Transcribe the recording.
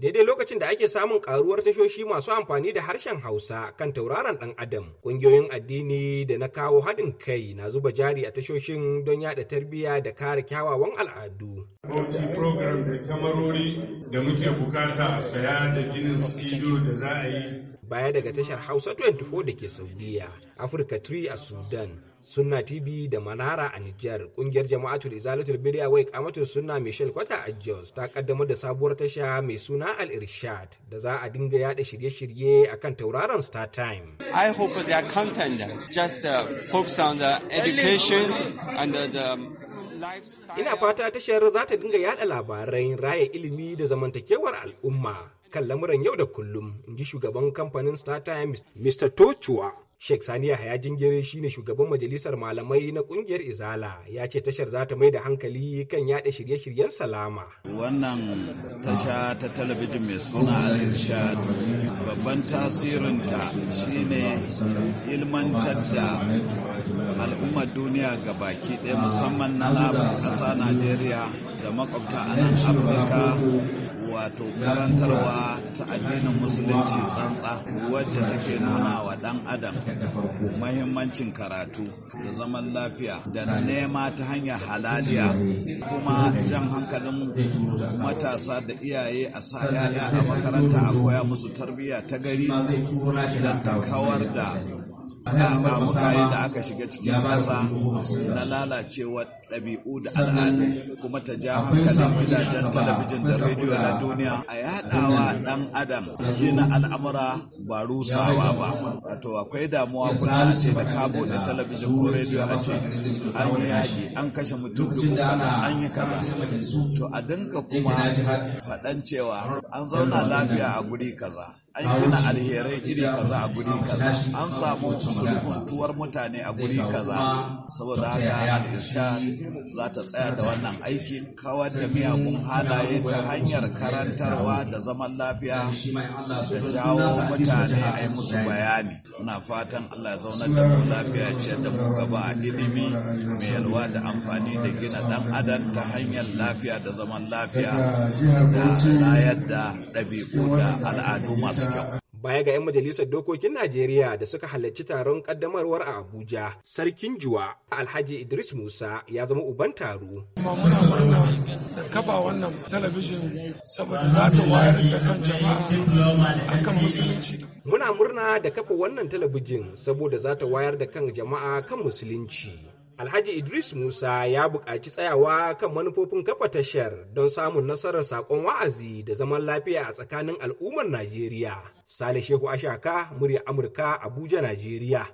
daidai lokacin da ake samun karuwar tashoshi masu amfani da harshen hausa kan tauraron dan adam kungiyoyin addini da na kawo haɗin kai na zuba jari a tashoshin don yada tarbiyya da kare kyawawan al'adu baya daga tashar hausa 24 da ke saudiya afirka 3 a sudan Sunna TV da Manara a Nijar. Kungiyar Jama'atul Izalatul birya wai kamatul Sunna Michel Kwata a Jos ta kaddamar da sabuwar tasha mai suna Al Irshad da za a dinga yada shirye-shirye akan tauraron Star Time. I hope their content just uh, focus on the education and the the um, Ina fata tashar za ta dinga yada labarai raya ilimi da zamantakewar al'umma kan lamuran yau da kullum, in ji shugaban kamfanin StarTime, Mr. Tochua. Sheikh Sani Yahaya Jingire shine shugaban majalisar malamai na kungiyar Izala ya ce tashar za ta mai da hankali kan yada shirye-shiryen salama. Wannan tasha ta talabijin mai suna Al-Irshad babban tasirinta shine ilmantar da al'ummar duniya ga baki ɗaya musamman na labar ƙasa Najeriya da makwabta a nan Afirka wato karantarwa ta addinin musulunci tsantsa wacce take nuna wa ɗan adam mahimmancin karatu da zaman lafiya da nema ta hanyar halaliya kuma jan hankalin matasa da iyaye a sa yaya a makaranta a koya musu tarbiyya ta gari da kawar da da musayi da aka shiga cikin ƙasa na lalacewa ɗabi'u da al'adu kuma ta ja hankalin gidajen talabijin da rediyo na duniya a yaɗawa ɗan adam gina al'amura ba rusawa ba wato akwai damuwa kuna ce da kabo da talabijin ko rediyo a ce an yi yaƙi an kashe mutum dubu an yi kaza to a dinka kuma faɗan cewa an zauna lafiya a guri kaza an gina alherai iri kaza a guri kaza an samu tuwar mutane a guri kaza saboda haka al'irsha za ta tsaya da wannan aikin kawar da miyagun halaye ta hanyar karantarwa da zaman lafiya da jawo mutane mutane a yi musu bayani muna fatan Allah ya zaunar da mu lafiya ce da mu gaba ilimi mai yalwa da amfani da gina dan adam ta hanyar lafiya da zaman lafiya da layar da ɗabi'u da al'adu masu kyau baya ga 'yan majalisar dokokin Najeriya da suka halarci taron kaddamarwar a Abuja. Sarkin Juwa Alhaji Idris Musa ya zama uban taro. da kafa wannan talabijin saboda za ta wayar da kan jama'a kan musulunci. Muna murna da kafa wannan talabijin saboda za ta wayar da kan jama'a kan musulunci. Alhaji Idris Musa ya buƙaci tsayawa kan manufofin kafa tashar don samun nasarar saƙon wa'azi da zaman lafiya a tsakanin al'ummar Najeriya. Sale Shehu Ashaka, murya Amurka, Abuja, Najeriya.